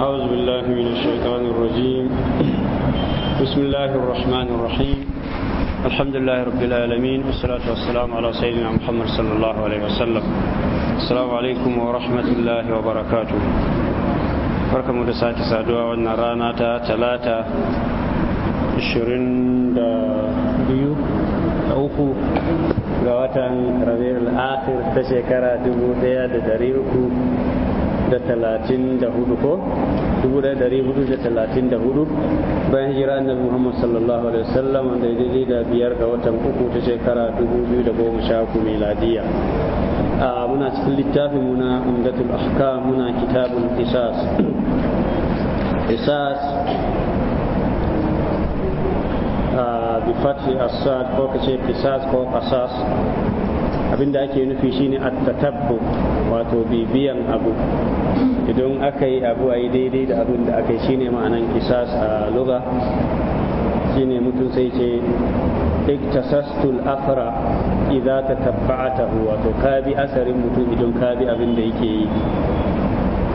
أعوذ بالله من الشيطان الرجيم بسم الله الرحمن الرحيم الحمد لله رب العالمين والصلاة والسلام على سيدنا محمد صلى الله عليه وسلم السلام عليكم ورحمة الله وبركاته barka mu da sake ثلاثة wannan rana ta قواتا ربيع الآخر ga watan rabiul akhir da talatin da hudu ko dubu ɗaya dari hudu da talatin da hudu bayan hijira annabi muhammad sallallahu alaihi wasallam wanda daidai da biyar ga watan uku ta shekara dubu biyu da goma sha uku miladiya a muna cikin littafin muna umdatul ahkam muna kitabul qisas qisas bi fathi as ko kace qisas ko qasas abin da ake nufi shine at-tatabbu wato bibiyan abu idan aka yi abu ayi daidai da abin da aka yi shine ma'anan kisas a lugha shine mutum sai ce iktasastul afra idza tatabba'atahu wato ka bi asarin mutum idan ka bi abin da yake yi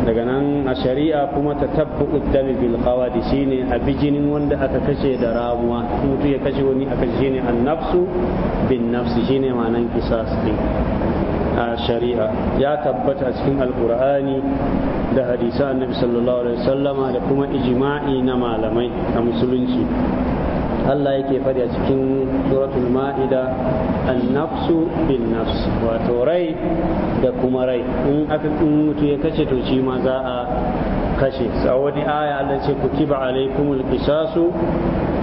daga nan a shari'a kuma ta tabbu uddami bil qawadi shine a bijinin wanda aka kashe da ramuwa mutu ya kashe wani aka kashe ne an nafsu bin nafsi shine ma'anan kisas din a shari'a ya tabbata cikin alkur'ani da hadisa annabi sallallahu alaihi wasallama da kuma ijma'i na malamai a musulunci Allah yake faɗi a cikin suratul ma'ida annafsu bin nafs wato rai da kuma rai in aka mutu ya kashe to shi ma za a kashe a wani aya Allah ce kutiba alaikumul qisasu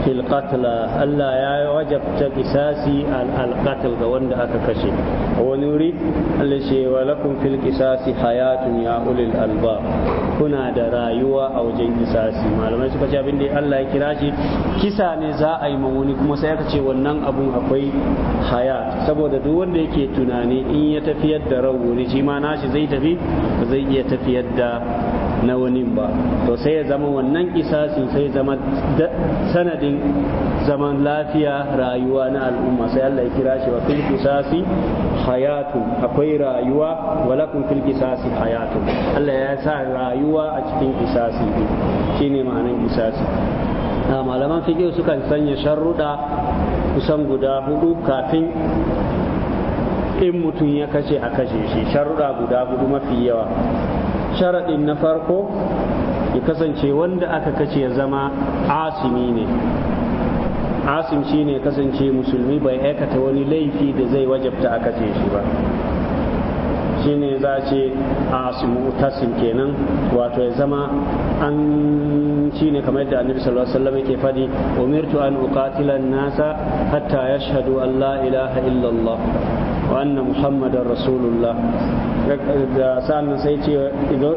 fil Allah ya wajabta kisasi al al ga wanda aka kashe wa nuri Allah ce wa lakum fil qisasi hayatun ya ulil kuna da rayuwa a wajen kisasi malamai suka ce abin da Allah ya kira shi kisa ne za a yi ma wani kuma sai aka wannan abun akwai haya saboda duk wanda yake tunani in ya tafiyar da ran wuri shi ma nashi zai tafi zai iya tafiyar da na wani ba to sai ya zama wannan kisasin sai zama sanadin zaman lafiya rayuwa na al'umma sai Allah ya kira shi wa fil kisasi hayatu akwai rayuwa walakum fil kisasi hayatu Allah ya sa rayuwa a cikin kisasi shine ma'anan kisasi malaman fiqh sukan sanya sharruda kusan guda hudu kafin in mutum ya kashe a kashe shi sharuɗa guda hudu mafi yawa sharaɗin na farko ya kasance wanda aka kace ya zama asimi ne asim shi ne kasance musulmi bai aikata wani laifi da zai wajabta aka ce shi ba shi ne za ce asimu tasim kenan wato ya zama an shi ne kamar yadda annabi sallallahu alaihi wasallam yake fadi umirtu an uqatila nasa hatta yashhadu an la ilaha illallah da محمد sai ce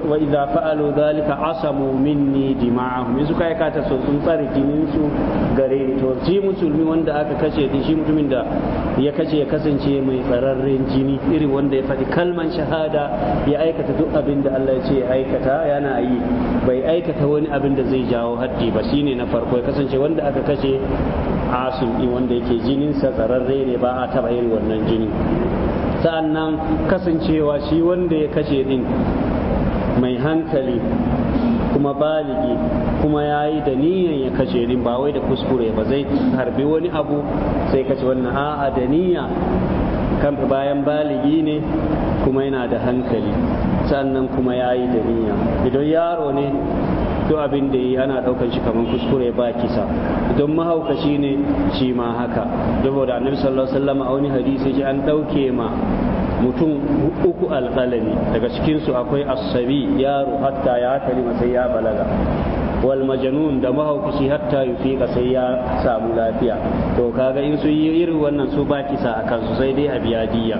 wa idza fa'alu zalika asamu minni dima'ahum yanzu kai ka ta so sun tsare jinin su gare ni to shi musulmi wanda aka kashe din shi mutumin da ya kashe ya kasance mai tsararren jini irin wanda ya faɗi kalman shahada ya aikata duk abin da Allah ya ce ya aikata yana yi bai aikata wani abin da zai jawo haddi ba shine na farko ya kasance wanda aka kashe asim din wanda yake jininsa tsararre ne ba a taba yin wannan jini sa'annan kasancewa shi wanda ya kashe din mai hankali kuma baligi kuma ya yi da niyan ya kashe din ba wai da kuskure ba zai harbi wani abu sai kashe wannan a'a da niyya kan bayan baligi ne kuma yana da hankali sannan kuma ya yi da niyya idan yaro ne duk abin da yi ana ɗaukar shi kamar kuskure ba kisa don mahaukaci ne shi ma haka saboda annabi sallallahu alaihi wasallam a wani hadisi shi an dauke ma mutum uku alƙalami daga cikinsu akwai asabi yaro hatta ya kalima sai ya balaga wal majanun da mahaukaci hatta yufiqa sai ya samu lafiya to kaga in su yi irin wannan su ba kisa a kansu sai dai a biya diya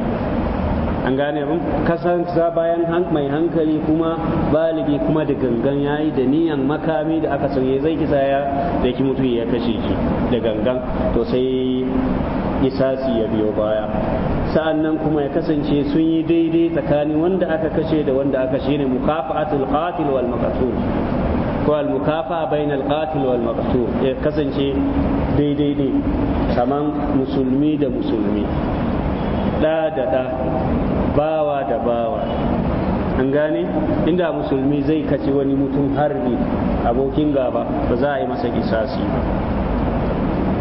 an gane abin kasanta bayan mai hankali kuma baligi kuma da gangan yayi da niyan makami da aka sanye zai kisa ya da ki mutu ya kashe shi da gangan to sai isasi ya biyo baya sa'an nan kuma ya kasance sun yi daidai tsakanin wanda aka kashe da wanda aka shi ne mukafa'atul qatil wal maqtul ko al mukafa bainal qatil wal maqtul ya kasance daidai ne kaman musulmi da musulmi da da da bawa da bawa an gane inda musulmi zai kaci wani mutum harbi abokin gaba ba za a yi masa kisasi ba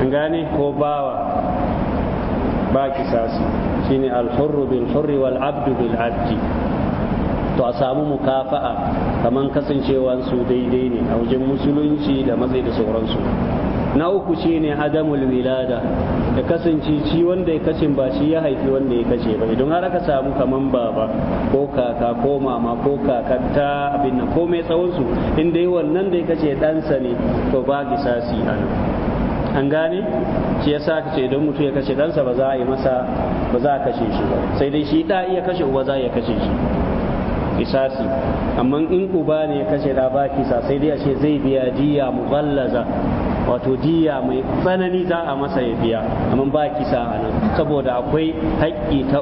an gane ko bawa ba kisasi shine alhurru bil hurri wal abdu bil abdi to a samu mukafa'a kaman kasancewansu daidai ne a wajen musulunci da matsayi da sauransu na uku shi ne adamul wilada ya kasance shi wanda ya kashe ba shi ya haifi wanda ya kashe ba idan har aka samu kaman baba ko kaka ko mama ko kakanta abin nan ko mai tsawon su inda wannan da ya kashe ɗansa ne to ba gisasi a nan an gane shi yasa ka ce idan mutum ya kashe ɗansa ba za a yi masa ba za a kashe shi ba sai dai shi da iya kashe uba za a iya kashe shi kisasi amma in uba ne ya kashe da ba kisa sai dai a ce zai biya diya mughallaza wato diya mai tsanani za a masa ya biya amma ba kisa a nan saboda akwai haƙƙi ta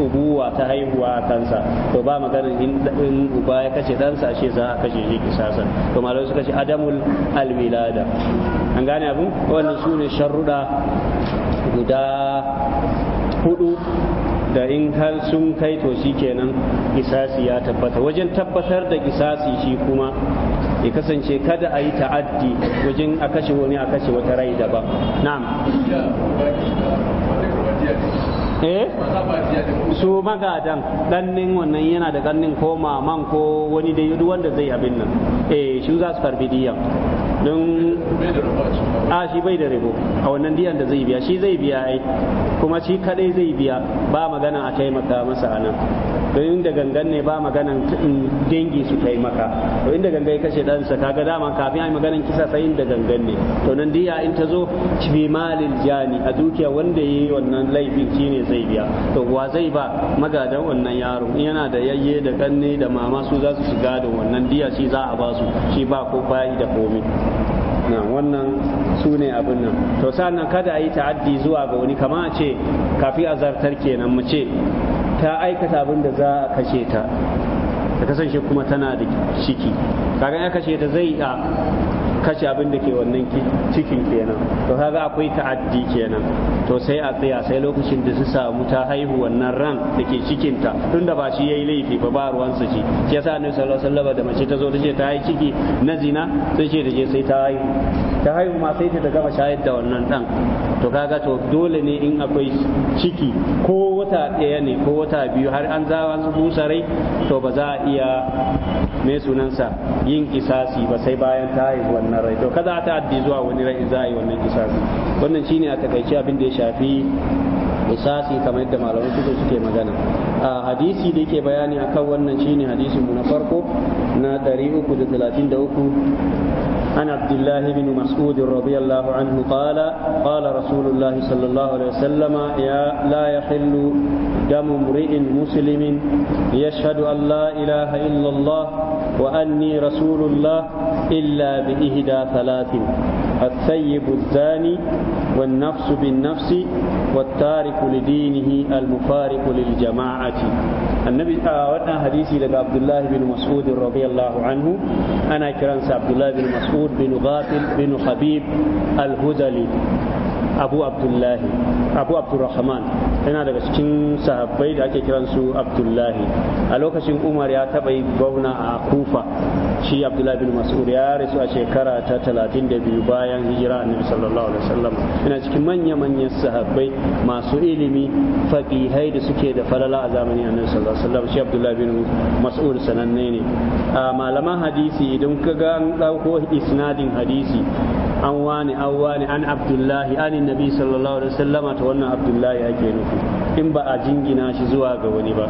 ubuwa ta haihuwa a kansa to ba magana in uba ya kashe ɗansa ashe za a kashe shi kisasan to malamai suka ce adamul almilada an gane abu wannan su ne sharruɗa guda hudu da in har sun kai to shi kenan kisasi ya tabbata wajen tabbatar da kisasi shi kuma ya kasance kada a yi ta'addi wajen a kashe wani a kashe wata rai daban na'am eh su magadan ɗannin wannan yana da ƙannin ko maman ko wani da duk wanda zai abin nan eh shi za su karbi diyan don a shi bai da rabo a wannan diyan da zai biya shi zai biya ai kuma shi kadai zai biya ba magana a taimaka masa a nan. don da gangan ne ba maganan dangi su taimaka to inda gangan ya kashe ɗansa kaga dama kafin a yi maganan kisa sai inda gangan ne to nan diya in ta zo bi malil jani a dukiya wanda ya yi wannan laifin shine zai biya to wa zai ba magadan wannan yaro in yana da yayye da kanne da mama su za su shiga da wannan diya shi za a ba su shi ba ko bayi da komai na wannan su ne abin nan to sa'an kada a yi ta'addi zuwa ga wani kama a ce kafi azartar kenan mu ce ta aikata abin da za a kashe ta ta kasance kuma tana da ciki kaga ya kashe ta zai a kashe abin da ke wannan cikin kenan to kaga akwai ta'addi kenan to sai a tsaya sai lokacin da su samu ta haihu wannan ran da ke cikinta tunda ba shi yayi laifi ba ba ruwansa shi shi yasa annabi sallallahu alaihi da mace ta zo ta ce ta yi ciki na zina sai ce da je sai ta haihu ta haihu ma sai ta gama shayar da wannan dan to kaga to dole ne in akwai ciki ko wata ɗaya ne ko wata biyu har an za su busa rai to ba za a iya mai sunansa yin kisasi ba sai bayan ta haihu wannan wannan rai to kada ta addi zuwa wani rai za a yi wannan kisasi wannan shine a takaice abin da ya shafi kisasi kamar yadda malamai suke suke magana a hadisi da yake bayani akan wannan shine hadisin mu na farko na 333 عن عبد الله بن مسعود رضي الله عنه قال قال رسول الله صلى الله عليه وسلم يا لا يحل دم امرئ مسلم يشهد أن لا إله إلا الله وأني رسول الله إلا بإهدى ثلاث الثيب الزاني والنفس بالنفس والتارك لدينه المفارق للجماعة النبي أعودنا آه، حديثي لك عبد الله بن مسعود رضي الله عنه أنا كرانس عبد الله بن مسعود بن غافل بن خبيب الهزلي abu abdullahi abu abdurrahman yana daga cikin sahabbai da ake kiransu abdullahi a lokacin umar ya taɓa yi gwamna a kufa shi abdullahi bin mas'ud ya rasu a shekara ta 32 bayan hijira annabi sallallahu alaihi wasallam yana cikin manya manyan sahabbai masu ilimi faqihai da suke da falala a zamani annabi sallallahu alaihi wasallam shi abdullahi bin mas'ud sananne ne a malaman hadisi idan ka ga an dauko isnadin hadisi an wani an wani an abdullahi an nabi sallallahu alaihi wasallama ta wannan abdullahi ake nufi in ba a jingina shi zuwa ga wani ba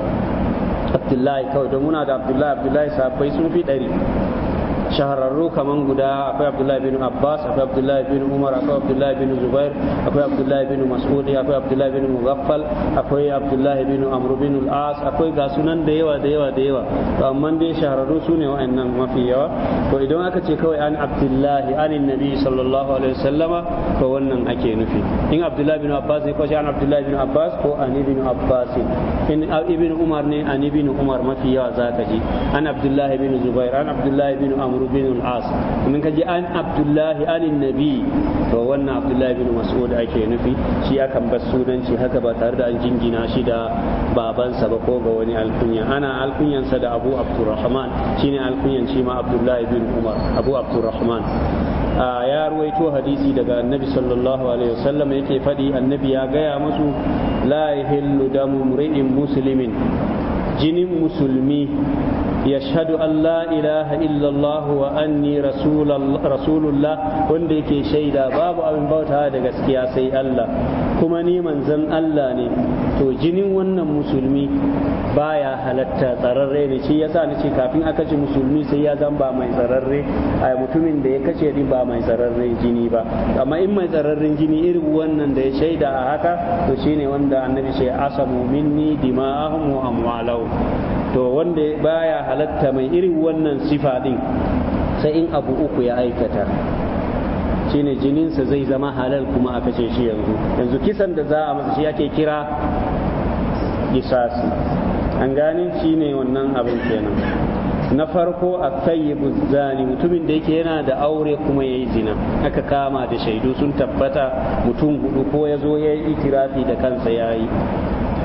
abdullahi kawai don muna da abdullahi abdullahi sahabbai sun fi ɗari shahararru kaman guda akwai abdullahi bin abbas akwai abdullahi bin umar akwai abdullahi bin zubair akwai abdullahi bin Masudi akwai abdullahi bin mughaffal akwai abdullahi bin amr bin al-as akwai ga sunan da yawa da yawa da yawa to amma dai shahararru sune wa'annan mafi yawa to idan aka ce kawai an abdullahi anin nabi sallallahu alaihi wasallama to wannan ake nufi in abdullahi bin abbas ne ko shi an abdullahi bin abbas ko an ibn abbas in ibn umar ne an ibn umar mafi yawa zaka ji an abdullahi bin zubair an abdullahi bin amr amru bin al-as in ka ji an abdullahi anin nabi to wannan abdullahi bin mas'ud ake nufi shi akan bar sunanci haka ba tare da an jingina shi da babansa ba ko ga wani alkunya ana alkunyansa da abu abdurrahman shine alkunyan shi ma abdullahi bin umar abu abdurrahman ya ruwaito hadisi daga annabi sallallahu alaihi wasallam yake faɗi annabi ya gaya musu la yahillu damu mri'in muslimin jinin musulmi يشهد أن لا إله إلا الله وأني رسول رسول الله wanda yake shaida babu abin bauta da gaskiya sai Allah kuma ni manzon Allah ne to jinin wannan musulmi baya halatta tsararre ne shi yasa ni ce kafin a kace musulmi sai ya zan ba mai tsararre a mutumin da ya kace din ba mai tsararren jini ba amma in mai tsararren jini irin wannan da ya shaida a haka to shine wanda annabi ce asamu minni dima'ahum wa amwalahum to wanda baya halatta mai irin wannan sifa din sai in abu uku ya aikata shine jininsa zai zama halal kuma a ce shi yanzu yanzu kisan da za a masa shi ake kira Isasi. an shi shine wannan abin kenan na farko a tayyibu zani mutumin da yake yana da aure kuma ya yi zina aka kama da shaidu sun tabbata mutum hudu ko ya zo ya yi ikirafi da kansa ya yi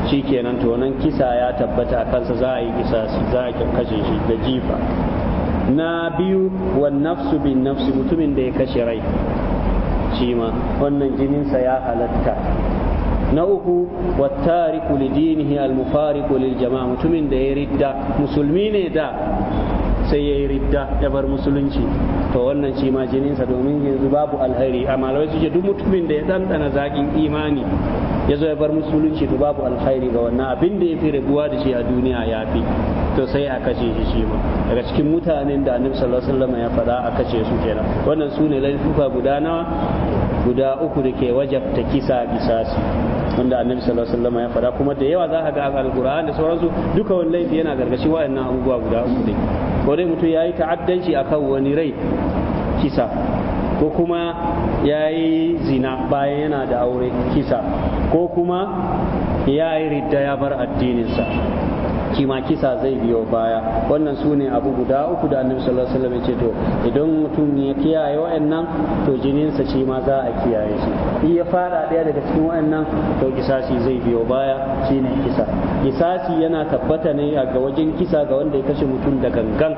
shi kenan tonan kisa ya tabbata a kansa za a yi kisa za a kashe shi da jifa na biyu wa nafsu bin nafsu mutumin da ya kashe rai shi ma wannan jininsa ya halatta na uku wa tariku al mufariqu lil jama'a mutumin da ya ridda musulmi ne da sai ya yi ridda ya bar musulunci to wannan shi ma jininsa domin yanzu babu alheri a malawai su duk mutumin da ya ɗanɗana zaƙin imani ya zo ya bar musulunci to babu alheri ga wannan abin da ya fi rabuwa da shi a duniya ya fi to sai a kashe shi shi ma daga cikin mutanen da annabi sallallahu alaihi ya faɗa a kashe su kenan wannan su ne laifuka guda nawa guda uku da ke wajabta kisa su wanda annabi sallallahu alaihi wasallam ya faɗa kuma da yawa za ka ga alquran da sauransu duka wani laifi yana gargashi wa'annan abubuwa guda uku ne ko dai mutum yayi ta'addanci akan wani rai kisa ko kuma yayi zina bayan yana da aure kisa ko kuma yayi ridda ya bar addininsa kima kisa zai biyo baya wannan su ne abu guda uku da annabi sallallahu alaihi wasallam ya ce to idan mutum ya kiyaye wa'annan to jininsa shi ma za a kiyaye shi in ya fara daya daga cikin wa'annan to kisasi zai biyo baya shine kisa kisasi yana tabbata ne ga wajen kisa ga wanda ya kashe mutum da gangan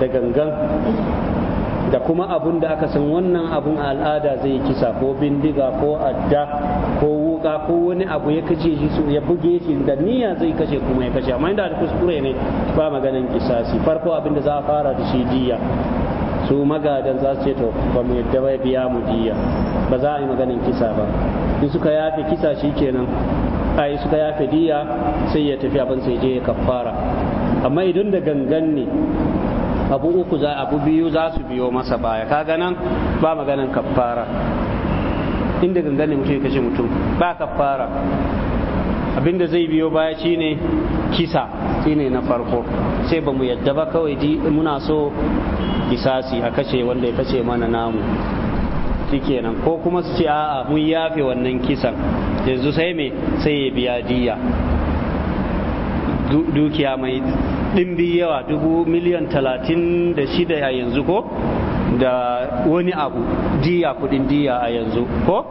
da gangan da kuma abun da aka san wannan abun al'ada zai kisa ko bindiga ko adda ko wuka ko wani abu ya kace shi su ya buge shi da niyya zai kashe kuma ya kashe amma inda da kuskure ne ba maganan kisasi farko abin da za a fara da shi diya su magadan za su ce to ba mu yadda bai biya mu diya ba za a yi maganin kisa ba in suka yafe kisa shi kenan ai suka yafe diya sai ya tafi abin sai je ya kafara amma idan da gangan ne abu uku za abu biyu za su biyo masa baya kaga nan ba maganan kafara inda ganganin mutum kashe mutum ba kafara abinda zai biyo baya shine kisa shine na farko sai ba mu yadda ba kawai muna so kisasi a kashe wanda ya kashe mana namu kenan ko kuma su ce a'a mun yafe wannan kisan yanzu sai me sai ya biya diya dukiya mai ɗimbi yawa dubu miliyan talatin da shida a yanzu ko da wani abu diya kudin diya a yanzu ko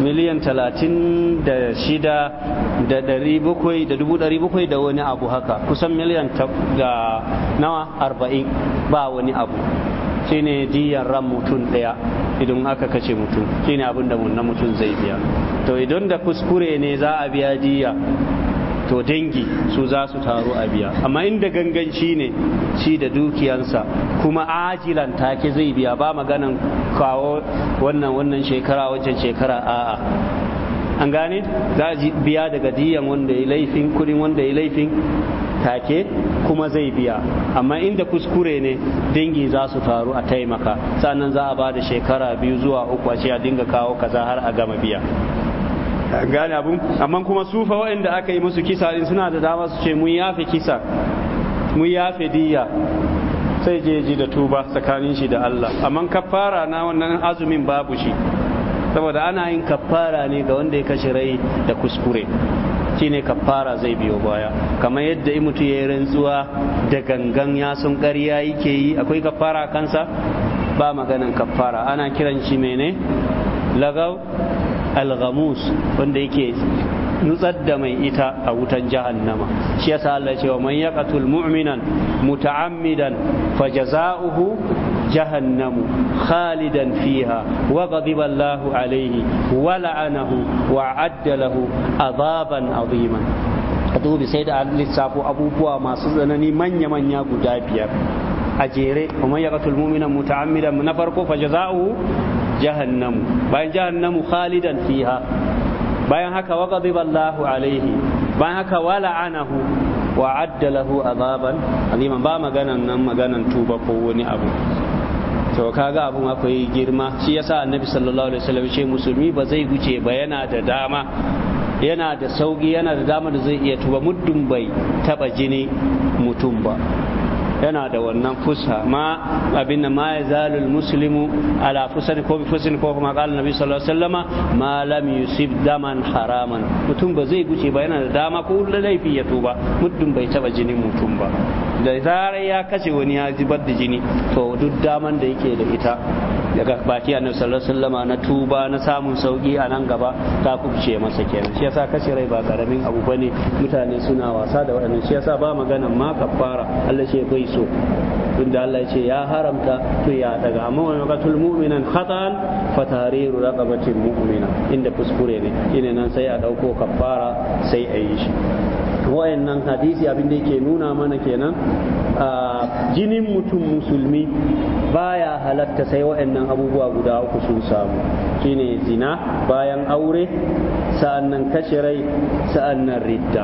miliyan talatin da shida da dari bakwai da dubu dari bakwai da wani abu haka kusan miliyan da nawa arba'in ba wani abu shine diyan ran mutum ɗaya idan aka kace mutum shine abin da mutum zai biya to idan da kuskure ne za a biya diya to dangi su za su taru a biya amma inda ganganci ne shi da dukiyansa kuma ajilan take zai biya ba maganan kawo wannan wannan shekara wancan shekara a'a an gane za a biya daga diyan wanda ya laifin kudin wanda ya laifin take kuma zai biya amma inda kuskure ne dangi za su taru a taimaka sannan za a ba da shekara biyu zuwa uku a ce a dinga kawo kaza har a gama biya gane abun amma kuma sufa waɗanda aka yi musu kisa din suna da dama su ce mun yafe kisa mun yafe diya sai je ji da tuba tsakanin shi da Allah amma kafara na wannan azumin babu shi saboda ana yin kafara ne ga wanda ya kashe rai da kuskure shine kafara zai biyo baya kamar yadda mutu ya yi rantsuwa da gangan ya sun ƙarya yake yi akwai kafara kansa ba maganin kafara ana kiran shi mene lagau alghamus wanda yake nutsar da mai ita a wutan jahannama shi yasa Allah cewa man yaqatul mu'minan muta'ammidan fajaza'uhu jahannamu khalidan fiha wa ghadiba Allahu alayhi wa la'anahu wa adda lahu azaban aziman ka dubi sai da lissafo abubuwa masu tsanani manya-manya guda biyar a jere kuma ya mu'minan muta'ammidan na farko fa jaza'u jahannamu bayan jahannamu khalidan fiha bayan haka wa ghadiba alayhi bayan haka wa la'anahu wa addalahu azaban aliman ba maganan nan maganan tuba ko wani abu to kaga abun akwai girma shi yasa annabi sallallahu alaihi wasallam ce musulmi ba zai guce ba yana da dama yana da sauki yana da dama da zai iya tuba muddin bai taba jini mutum ba yana da wannan fusa ma da ma ya zalul muslimu ala fusan ko bi fusin ko kuma qala nabi sallallahu alaihi wasallama ma lam yusib daman haraman mutum ba zai guce ba yana da dama ko laifi ya tuba muddin bai taba jinin mutum ba da zarar ya kace wani ya zubar da jini to duk daman da yake da ita daga baki annabi sallallahu alaihi wasallama na tuba na samun sauki a nan gaba ta kubce masa kenan shi yasa kashe rai ba karamin abu bane mutane suna wasa da waɗannan shi yasa ba maganan ma kafara Allah shi bai so tunda Allah ya ce ya haramta to ya daga amma wa yaqtul mu'minan khatan fa tahriru raqabatin mu'mina inda kuskure ne ina nan sai a dauko kafara sai a yi shi wayannan hadisi abin da yake nuna mana kenan jinin mutum musulmi baya halatta sai wayannan abubuwa guda uku sun samu shine zina bayan aure sa'annan kashe rai sa'annan ridda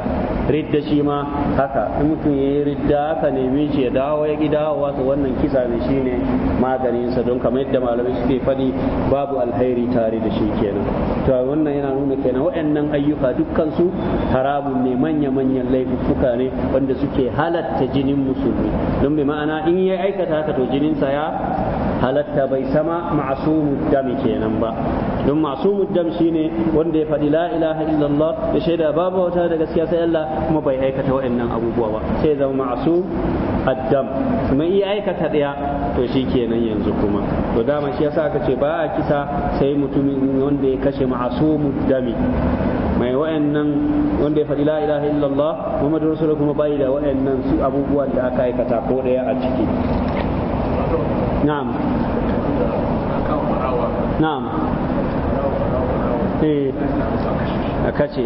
ridda shi ma haka in mutum ya yi ridda aka neme shi ya dawo ya gida wasu wannan kisa ne shi ne maganinsa don kamar yadda malamai suke faɗi babu alheri tare da shi kenan to wannan yana nuna kenan waɗannan ayyuka dukkansu su haramun ne manya-manyan laifuka ne wanda suke halatta jinin musulmi don bi ma'ana in ya aikata haka to jininsa ya halatta bai sama ma'asumu dami kenan ba don muddam shi shine wanda ya faɗi la ilaha illallah ya shaida babu wata da gaskiya sai Allah kuma bai aikata waɗannan abubuwa ba sai zama masu addam kuma iya aikata ɗaya to shi kenan yanzu kuma to dama shi yasa aka ce ba a kisa sai mutumin wanda ya kashe masu muddami mai wa'annan wanda ya faɗi la ilaha illallah Muhammadu Rasulullah kuma bai da wa'annan su abubuwan da aka aikata ko ɗaya a ciki na'am na'am a kace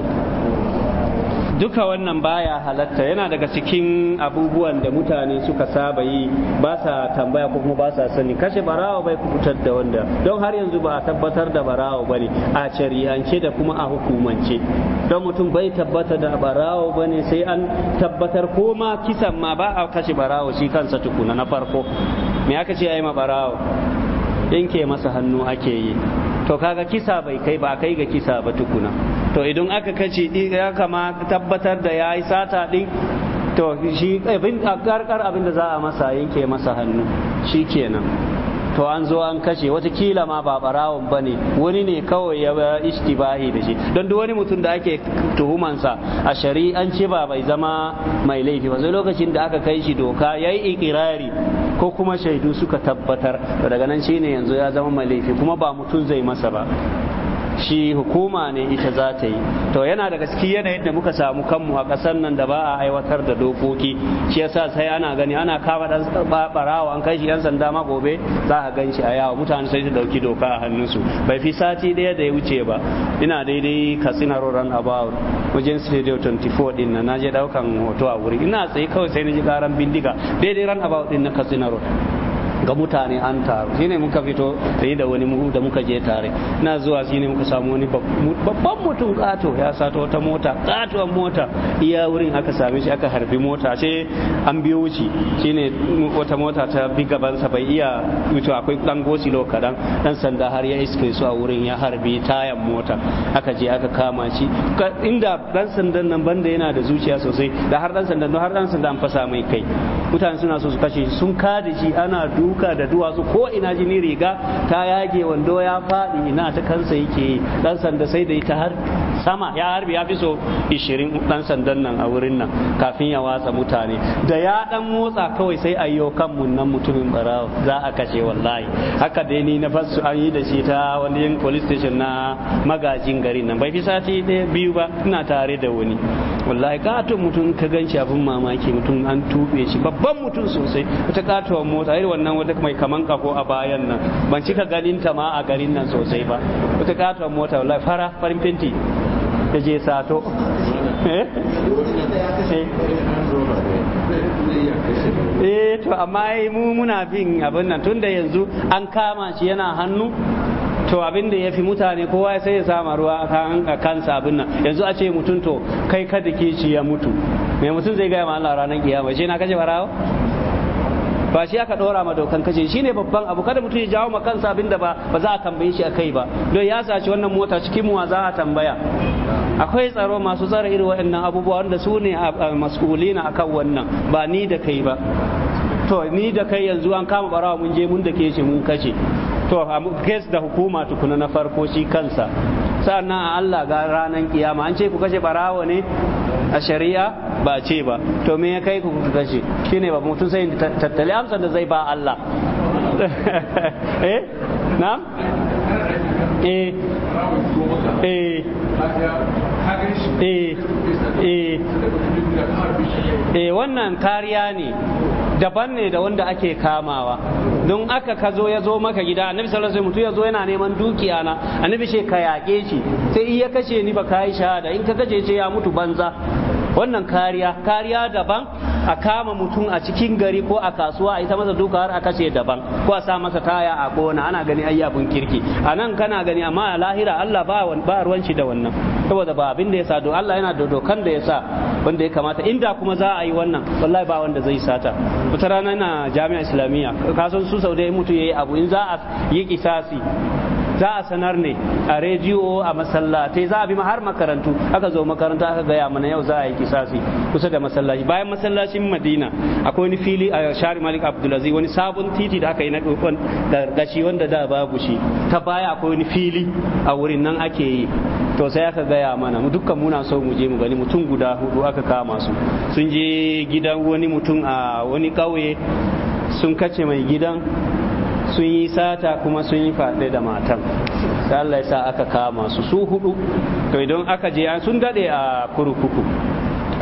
duka wannan baya halatta yana daga cikin abubuwan da mutane suka saba yi ba sa tambaya ko kuma ba sa sani kashe barawo bai kubutar da wanda don har yanzu ba a tabbatar da barawo bane a shari'ance da kuma a hukumance don mutum bai tabbata da barawo bane sai an tabbatar ko ma kisan ma ba a kashe barawo shi kansa tukuna na farko me aka ce ai ma barawo yanke masa hannu ake yi to kaga kisa bai kai ba kai ga kisa ba tukuna to idan aka kace ya kama tabbatar da yayi sata din to shi abin karkar abin da za a masa yanke masa hannu shi kenan to an zo an kashe kila ma ba barawon ba ne wani ne kawai ya ishtibahi da shi don duk wani mutum da ake tuhumansa a shari'ance ba bai zama mai laifi ba sai lokacin da aka kai shi doka ya yi ikirari ko kuma shaidu suka tabbatar daga nan shine yanzu ya zama mai laifi kuma ba mutum zai masa ba shi hukuma ne ita za ta yi to yana da gaske yanayin da muka samu kanmu a kasar nan da ba a aiwatar da dokoki shi yasa sai ana gani ana kama dan barawa an kai shi yan sanda ma gobe za a gan shi a yawa mutane sai su dauki doka a hannunsu bai fi sati ɗaya da ya wuce ba ina daidai katsina roran about wajen studio 24 din nan naje daukan hoto a wuri ina tsaye kawai sai na ji karan bindiga daidai ran about din na katsina road ga mutane an taru shine muka fito da yi da wani mu da muka je tare na zuwa shine muka samu wani babban mutum kato ya sato wata mota katuwan mota iya wurin aka same shi aka harbi mota sai an biyo wuce shine wata mota ta bi gabansa bai iya wuce akwai dan gosi kadan dan sanda har ya iske su a wurin ya harbi tayan mota aka je aka kama shi inda dan sandan nan banda yana da zuciya sosai da har dan sandan har dan sandan fasa mai kai mutane suna so su kashe sun kada shi ana duk kuka da duwatsu ko ina jini riga ta yage wando ya faɗi ina ta kansa yake dan sanda sai da ita har sama ya harbi ya fi so 20 dan sandan nan a wurin nan kafin ya watsa mutane da ya dan motsa kawai sai ayyo kan mun nan mutumin barawo za a kashe wallahi haka dai ni na fasu an yi da shi ta wani police station na magajin garin nan bai fi sati ɗaya biyu ba ina tare da wani wallahi katon mutum ka gan shi abin mamaki mutum an tube shi babban mutum sosai wata katon mota irin wannan wata mai kaman kafo a bayan nan ban cika ganin ta ma a garin nan sosai ba wata katon mota wallahi fara farin fenti da je sato eh, eh? eh to amma mu muna bin abin nan tunda yanzu an kama shi yana hannu to abin da ya fi mutane kowa sai ya sama ruwa a kansa abin nan yanzu a ce mutum to kai kada ke ci ya mutu me mutum zai gaya ma Allah ranar kiyama shi na kaje barawo ba shi aka dora ma dokan kace shine babban abu kada mutum ya jawo ma kansa abin da ba ba za a tambaye shi akai ba don ya sace wannan mota cikin mu za a tambaya akwai tsaro masu tsara irin waɗannan abubuwa wanda su ne mas'ulina akan wannan ba ni da kai ba to ni da kai yanzu an kama barawa mun je mun da ke shi mun kace to a kes da hukuma tukuna na farko shi kansa sa'annan a Allah ga ranar kiyama an ce ku kashe barawo ne a shari'a ba ce ba to me ya kai ku kashe ne ba mutum sai tattali amsar da zai ba Allah eh? eh eh eh eh eh wannan kariya ne daban ne da wanda ake kamawa don aka ka zo ya zo maka gida annabi sallallahu alaihi wasallam ya zo yana neman dukiya na annabi ce ka yaƙe shi sai iya kashe ni ba kai shahada in ka kace ce ya mutu banza wannan kariya kariya daban a kama mutum a cikin gari ko a kasuwa a ta masa duka har a kashe daban ko a sa masa kaya a kona ana gani ai abun kirki a nan kana gani amma a lahira Allah ba ba ruwan shi da wannan saboda ba abin da ya sa don Allah yana da dokan da ya sa wanda ya kamata inda kuma za a yi wannan wallahi ba wanda zai sata wata rana na jami'a islamiyya kasan su sau da ya mutu ya yi abu in za a yi kisasi za a sanar ne a rediyo a masallatai za a bi har makarantu aka zo makaranta aka gaya mana yau za a yi kisasi kusa da masallaci bayan masallacin madina akwai wani fili a shari malik abdulaziz wani sabon titi da aka yi na da gashi wanda da babu shi ta baya akwai wani fili a wurin nan ake yi to sai aka gaya mana mu dukkan muna so mu je mu gani mutum guda hudu aka kama su sun je gidan wani mutum a wani ƙauye sun kace mai gidan sun yi sata kuma sun yi faɗe da matan sai Allah ya sa aka kama su su hudu to idan aka je sun dade a kurkuku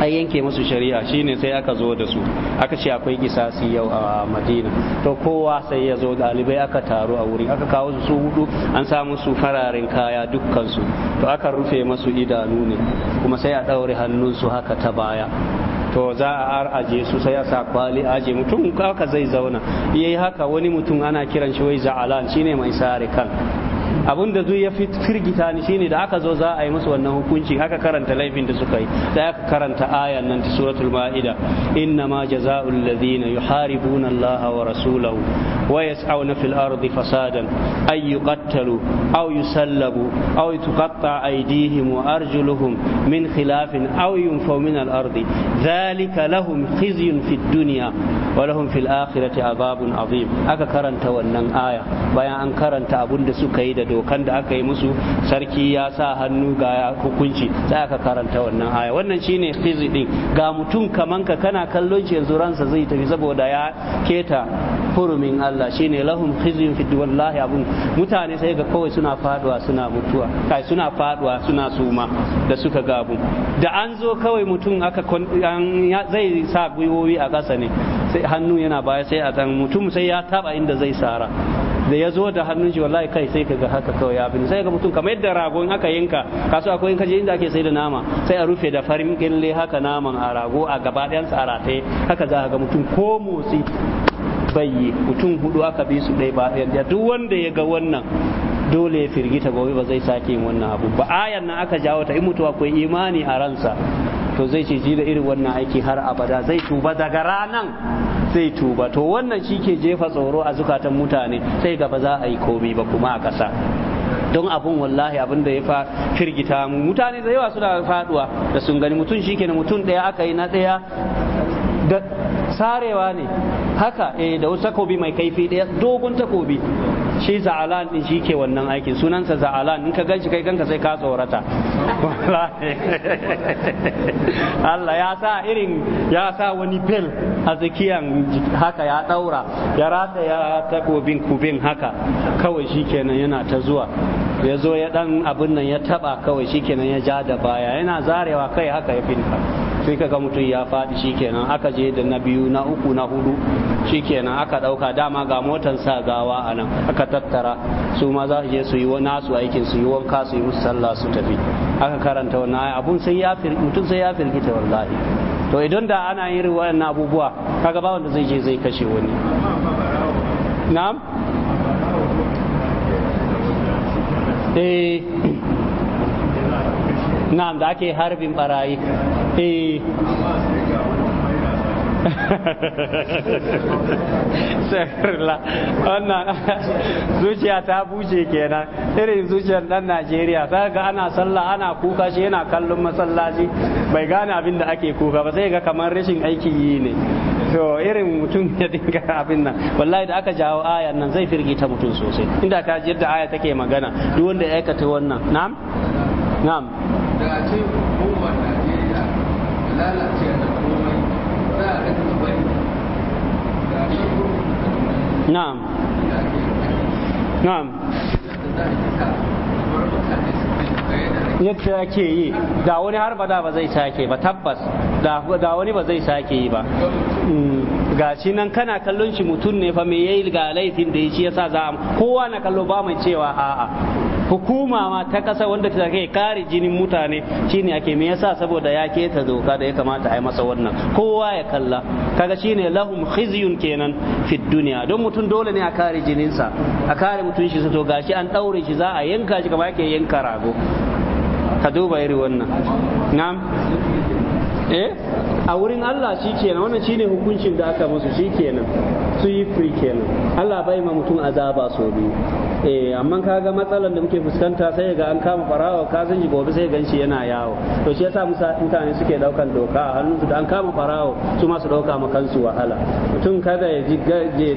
an yanke musu shari'a shine sai aka zo da su aka ce akwai kisasi yau a madina to kowa sai ya zo ɗalibai aka taru a wurin aka kawo su hudu an sa musu fararen kaya dukkansu to aka rufe musu idanu ne kuma sai a ɗaure hannunsu haka ta baya to za a ar aje su sai a sa kwali aje mutum haka zai zauna yayi haka wani mutum ana kiran shi wai za'alan shine mai sare kan abun da zai ya fi firgita ni shine da aka zo za a yi musu wannan hukunci haka karanta laifin da suka yi da aka karanta ayan nan ta suratul ma'ida inna ma jazaa'ul ladina yuharibuna allaha wa rasulahu ويسعون في الأرض فسادا أن يقتلوا أو يسلبوا أو تقطع أيديهم وأرجلهم من خلاف أو ينفوا من الأرض ذلك لهم خزي في الدنيا ولهم في الآخرة عذاب عظيم أكا كرنت ونن آية بيان أن كرنت أبن سكيد دوكان أكا يمسو سركي يا ساهنو غايا hukunci sai aka karanta wannan aya wannan shine khizi din ga mutum kaman ka kana kallon shi yanzu ransa zai tafi saboda ya keta hurumin Allah Allah shi ne lahum khizyun fid wallahi abun mutane sai ga kawai suna faduwa suna mutuwa kai suna faduwa suna suma da suka gabu da an zo kawai mutum aka zai sa gwiwowi a ƙasa ne sai hannu yana baya sai a dan mutum sai ya taba inda zai sara da ya zo da hannun shi wallahi kai sai ka ga haka kawai ya bin sai ga mutum kamar yadda ragon aka yinka kasu akwai kaje inda ake sai da nama sai a rufe da farin kille haka naman a rago a gaba ɗayan a rataye haka za ka ga mutum ko motsi bayyi mutum hudu aka bi su ɗaya ba yadda duk wanda ya ga wannan dole ya firgita gobe ba zai sake yin wannan abu ba ayan nan aka jawo ta in mutu akwai imani a ransa to zai ce ji da irin wannan aiki har abada zai tuba daga ranan zai tuba to wannan shi ke jefa tsoro a zukatan mutane sai gaba za a yi komai ba kuma a kasa. don abun wallahi abin da ya firgita mu mutane da yawa suna faduwa da sun gani mutum shi kenan mutum ɗaya aka yi na ɗaya sarewa ne haka eh da wasu takobi mai kaifi ɗaya dogon takobi shi za'alan din shi ke wannan aikin sunansa za'alan in ka ganshi kai kanka sai ka tsorata Allah ya sa irin ya sa wani fil a tsakiyan haka ya ɗaura ya rata ya takobin kubin haka kawai shi kenan yana ta zuwa ya zo ya dan abin nan ya taba kawai shi kenan ya ja da baya yana zarewa kai haka ya finta sai kaga mutum ya faɗi shikenan aka je da na biyu na uku na hudu shikenan aka ɗauka dama ga motan sa gawa a nan aka tattara su ma za su je su yi nasu aikin su yi wanka su yi musu sallah su tafi aka karanta wannan abun sai ya mutum sai ya firgita wallahi to idan da ana yin wayannan abubuwa kaga ba wanda zai je zai kashe wani na'am eh na'am da ake harbin barayi eh wannan zuciya ta buce kenan irin zuciyar dan najeriya za ga ana sallah ana kuka shi yana kallon masallaci bai gane abin da ake kuka ba sai ga kamar rashin aikin yi ne to irin mutum ya dinga abin nan wallahi da aka jawo ayan nan zai ta mutum sosai inda ka ji yadda aya take magana duk wanda ya aikata wannan na'am na'am na'am na'am yadda ake yi da wani har ba da ba zai sake ba tabbas da wani ba zai sake yi ba ga shi nan kana kallon shi mutum ne fa me yayi ga laifin da shi yasa za kowa na kallo ba mai cewa a'a hukuma ma ta kasa wanda ta kai kare jinin mutane shine ake me yasa saboda ya keta doka da ya kamata a yi masa wannan kowa ya kalla kaga shine lahum khizyun kenan fi dunya don mutum dole ne a kare jininsa a kare mutum shi to gashi an daure shi za a yanka shi kamar yake yanka rago ka duba iri wannan na'am eh a wurin Allah shi kenan wannan shine hukuncin da aka musu shi kenan su yi free kenan Allah bai ma mutum azaba so biyu eh amma kaga matsalar da muke fuskanta sai ga an kama farawa ka san gobe sai gan shi yana yawo to shi yasa musa mutane suke daukan doka a hannunsu da an kama farawa su ma su dauka ma kansu wahala mutum kada ya ji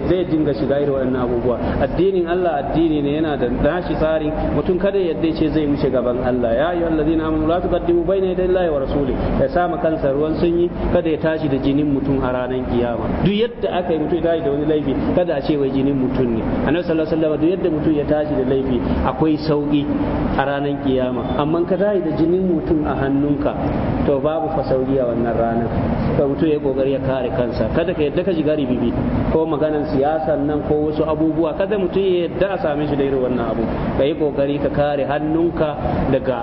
zai dinga shiga irin wannan abubuwa addinin Allah addini ne yana da nashi tsari. mutum kada ya yadda ce zai wuce gaban Allah ya ayyuhallazina amanu la tuqaddimu bayna yadayi Allahi wa rasuli ya sa ma kansa ruwan sunyi kada ya tashi da jinin mutum a ranar kiyama duk yadda aka yi mutum ya tashi da wani laifi kada a ce wai jinin mutum ne annabi sallallahu alaihi wasallam duk yadda mutum ya tashi da laifi akwai sauki a ranar kiyama amma ka tashi da jinin mutum a hannunka to babu fa sauki a wannan ranar ka mutum ya kokari ya kare kansa kada ka yadda ka ji garibibi ko maganar siyasa nan ko wasu abubuwa kada mutum ya yadda a same shi da irin wannan abu ka yi kokari ka kare hannunka daga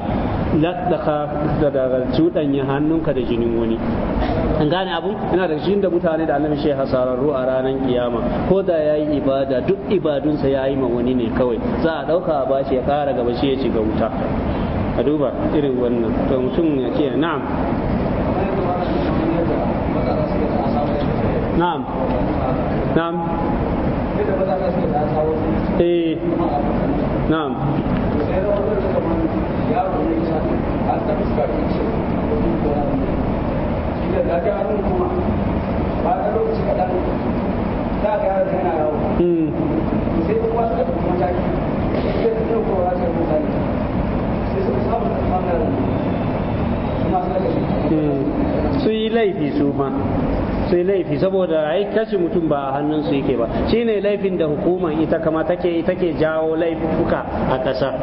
laddaka daga cuɗanya hannunka da jinin wani an gane abu yana da shi da mutane da annabi shi hasararru a ranar kiyama ko da ya yi ibada duk ibadunsa ya yi ma wani ne kawai za a ɗauka a bashi ya ƙara gaba shi ya ci ga wuta a duba irin wannan to mutum ya ce na'am na'am na'am eh na'am yaro ne ta fuskar da ta ga abin kuma ba ta lokaci kaɗan za ga yaron yana yawo sai kuma suka ɗauki mataki sai ta ɗauko wa ta ɗauko mataki sai suka samu da kamar kuma suka kashe su yi laifi su ma su yi laifi saboda ai kashe mutum ba a hannunsu yake ba shine laifin da hukumar ita kama take ke jawo laifuka a ƙasa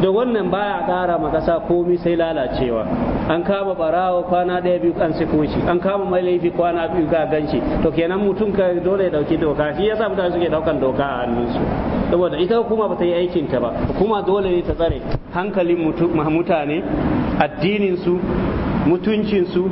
da wannan baya ƙara ma ƙasa komi sai lalacewa an kama barawo kwana ɗaya biyu an siko shi an kama mai laifi kwana biyu ga ganci to kenan mutum ka dole ya ɗauki doka shi yasa mutane suke ɗaukan doka a hannunsu saboda ita kuma ba ta yi aikin ta ba kuma dole ne ta tsare hankalin mutane addinin su mutuncin su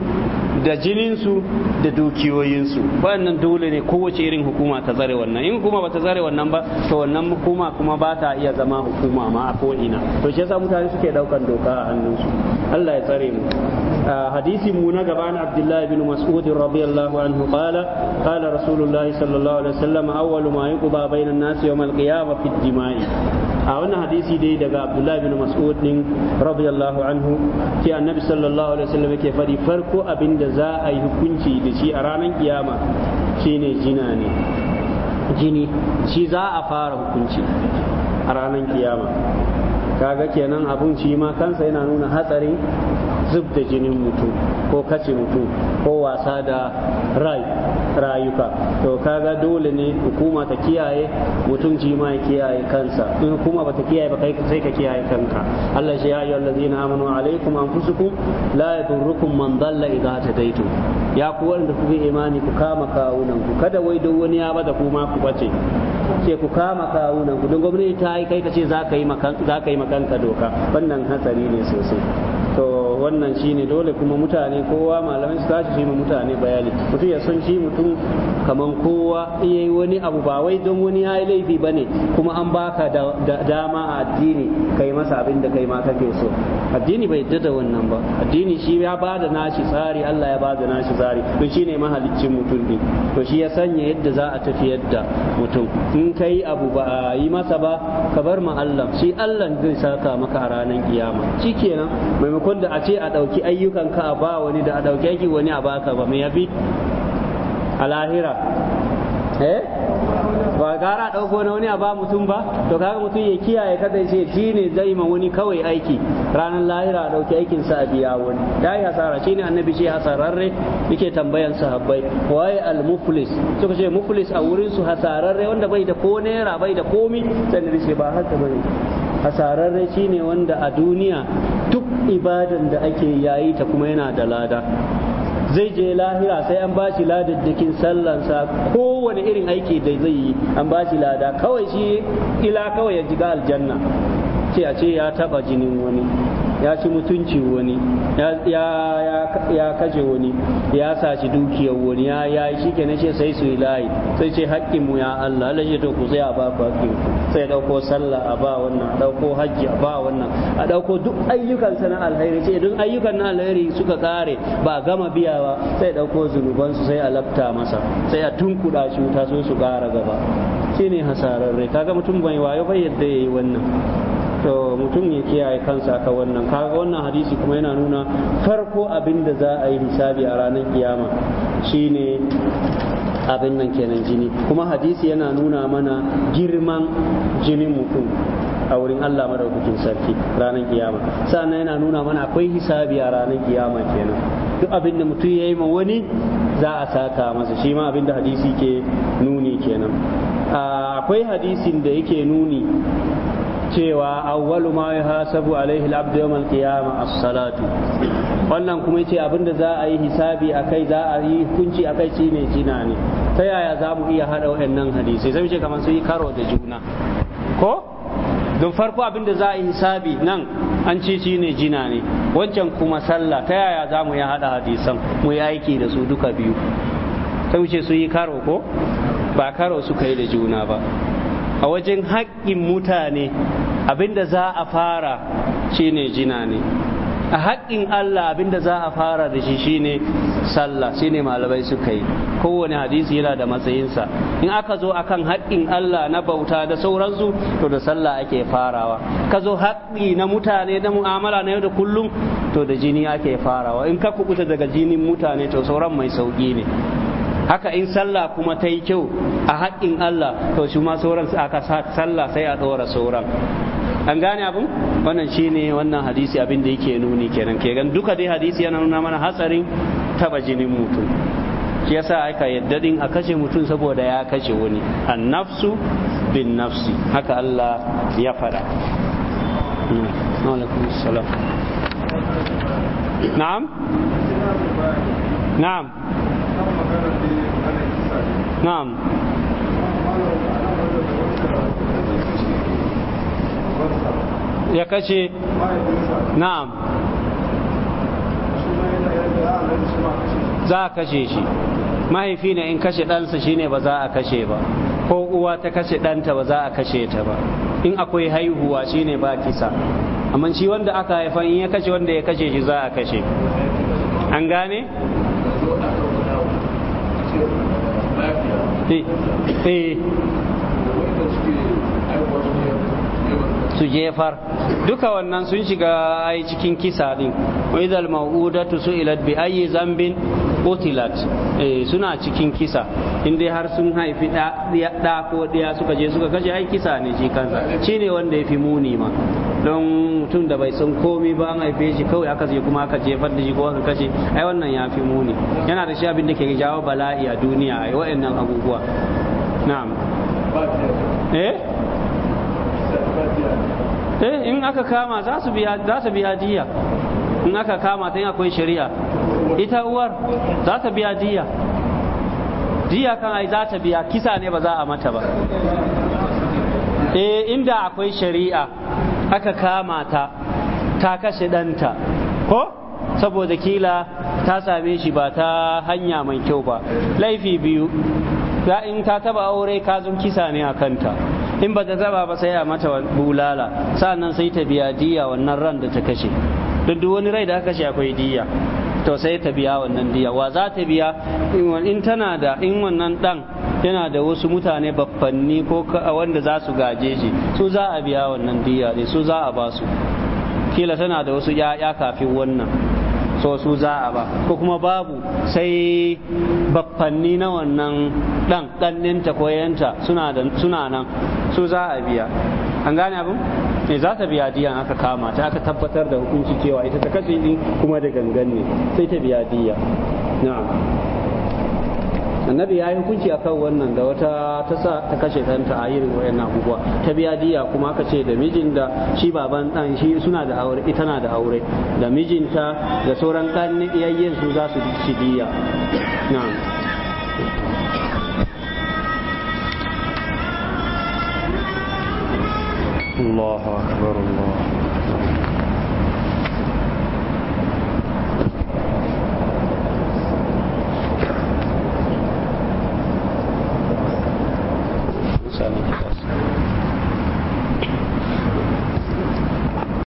da jininsu da dukiyoyinsu wannan dole ne kowace irin hukuma ta zare wannan in hukuma ba ta zare wannan ba to wannan hukuma kuma ba ta iya zama hukuma ma a ko'ina to shi yasa mutane suke daukan doka a hannunsu Allah ya tsare mu حديث منقب عن عبد الله بن مسعود رضي الله عنه قال قال رسول الله صلى الله عليه وسلم أول ما يقضى بين الناس يوم القيامة في الدماء a wannan hadisi dai daga abdullahi bin mas'ud din radiyallahu anhu ke annabi sallallahu alaihi wasallam yake fadi farko abin da za a yi hukunci da shi a ranar kiyama shine jina ne jini shi za a fara hukunci a ranar kiyama kaga kenan abun shi ma kansa yana nuna hatsarin zub da jinin mutum ko kace mutum ko wasa da rai rayuka to kaga dole ne hukuma ta kiyaye mutum ji ma ya kiyaye kansa in hukuma bata kiyaye ba kai sai ka kiyaye kanka Allah shi ya ayyuhal ladzina amanu alaikum anfusukum la yadurrukum man dalla idha tadaitu ya ku wanda yi imani ku kama kawunan ku kada wai duk wani ya bada kuma ku bace ce ku kama kawunan ku don gwamnati ta yi kai ka ce za ka yi makanka doka wannan hatsari ne sosai to wannan shi ne dole kuma mutane kowa malamai su tashi shi mutane bayani mutum ya san shi mutum kaman kowa iya yi wani abu ba wai don wani ya yi laifi ba ne kuma an baka dama a addini kai masa abin da kai ma kake so addini bai yadda da wannan ba addini shi ya ba da nashi tsari Allah ya ba da nashi tsari to shi ne mahaliccin mutum din to shi ya sanya yadda za a tafiyar da mutum in kai abu ba a yi masa ba ka bar ma Allah shi Allah zai saka maka a ranar kiyama kenan maimakon da a ce a ɗauki ayyukanka a ba wani da a ɗauki aiki wani a baka ba mai yafi a lahira eh ba gara ɗauko na wani a ba mutum ba to kaga mutum ya kiyaye kada ce shi ne zai ma wani kawai aiki ranar lahira a ɗauki aikin sa a biya wani ya yi hasara shi ne annabi ce hasararre muke tambayan sahabbai waye al-muflis suka ce muflis a wurin su hasararre wanda bai da ko naira bai da komi sai shi ba haka bane hasararre shi ne wanda a duniya ibadan da ake yayi ta kuma yana da lada zai je lahira sai an bashi ladaddakin sallansa kowane irin aiki da zai yi an bashi lada kawai shi ila kawai ya jiga aljanna ce a ce ya taba jinin wani ya ci mutunci wani ya kashe wani ya saci dukiyar wani ya yi shi ke ce sai su ilahi layi sai ce haƙƙin mu ya Allah Allah to ku sai a ba ku haƙƙin sai dauko sallah a ba wannan dauko hajji a ba wannan a dauko duk ayyukan sana alheri sai duk ayyukan na alheri suka kare ba gama biya ba sai dauko zunuban su sai a lafta masa sai a tunkuda shi ta so su kara gaba shine hasararre kaga mutum bai wayo bai yadda yayi wannan to mutum ya kiyaye kansa ka wannan kaga wannan hadisi kuma yana nuna farko abin da za a yi hisabi a ranar kiyama shine abin nan kenan jini kuma hadisi yana nuna mana girman jinin mutum a wurin Allah madaukakin sarki ranar kiyama sannan yana nuna mana akwai hisabi a ranar kiyama kenan duk abin da mutum ya yi ma wani za a saka masa shi ma abin da hadisi ke nuni kenan ah, akwai hadisin da yake nuni cewa awwalu ma hasabu alaihi al-abd yawm al-qiyamah as-salatu wannan kuma yace abinda za a yi hisabi akai za a yi hukunci akai shine jina ne ta yaya za mu iya hada wayannan hadisi sai ce kamar su yi karo da juna ko don farko abinda za a yi hisabi nan an ci shi ne jina ne wancan kuma sallah ta yaya za mu ya hada hadisan mu yi aiki da su duka biyu sai wuce su yi karo ko ba karo suka yi da juna ba a wajen haƙƙin mutane abinda za a fara shine jina ne a haƙƙin Allah abinda za a fara da shi shine sallah shine malamai suka yi kowane hadisi yana da matsayinsa in aka zo a kan haƙƙin Allah na bauta da sauransu to da sallah ake farawa ka zo haƙƙi na mutane na mu'amala na yau da kullum to da jini ake farawa in ka kubuta daga jinin mutane to sauran mai sauƙi ne haka in sallah kuma ta yi kyau a haƙƙin Allah to shi ma sauran aka sallah sai a ɗora sauran an gane abin wannan shi ne wannan hadisi abin da yake nuni kenan ke gan duka dai hadisi yana nuna mana hatsarin taba jinin mutum shi yasa aka yadda din a kashe mutum saboda ya kashe wani an nafsu bin nafsi haka Allah ya fara hmm. na'am نعم ya kace za a kashe shi mahaifi ne in kashe ɗansa shine ba za a kashe ba ko uwa ta kashe ɗanta ba za a kashe ta ba in akwai haihuwa shine ba kisa amma shi wanda aka haifa in ya kashe wanda ya kashe shi za a kashe an gane eh su jefar duka wannan sun shiga ai cikin kisa din wa idal mawudatu su'ilat bi ayi zambin qutilat eh suna cikin kisa in dai har sun haifi da da ko da suka je suka kaje ai kisa ne shi kansa shine wanda yafi muni ma don mutum da bai san komai ba an haife shi kawai aka je kuma aka jefar da shi ko aka kashe ai wannan ya fi muni yana da shi abin da ke jawo bala'i a duniya ai wa'annan abubuwa na'am eh eh in aka kama za su biya za su biya diya in aka kama ta akwai shari'a ita uwar za ta biya diya diya kan ai za ta biya kisa ne ba za a mata ba eh inda akwai shari'a aka kama ta ta kashe ɗanta ko saboda kila ta same shi ba ta hanya mai kyau ba laifi biyu ya in ta taba aure kazun kisa ne a kanta in ba ta taba ba sai a mata bulala sa'annan sai ta biya diya wannan ran da ta kashe duk wani rai da aka kashe akwai diya to sai ta biya wannan diya wa za ta biya in tana da in wannan dan yana da wasu mutane baffanni ko wanda za su gaje shi su za a biya wannan diya ne su za a ba su kila tana da wasu ya'ya kafin wannan so su za a ba ko kuma babu sai baffanni na wannan dan ɗanninta ko yanta suna nan su za a biya an gane abin ce za ta biya diyan aka kama ta aka tabbatar da hukunci cewa ita ta kashe din kuma da gangan ne sai ta biya diya na'am annabi ya yi hukunci akan wannan da wata ta sa ta kashe kanta a irin wayan abubuwa ta biya diya kuma aka ce da mijin da shi baban dan shi suna da aure ita na da aure da mijinta da sauran ƙanni iyayen su za su ci diya na'am اللہ حافظ خبر اللہ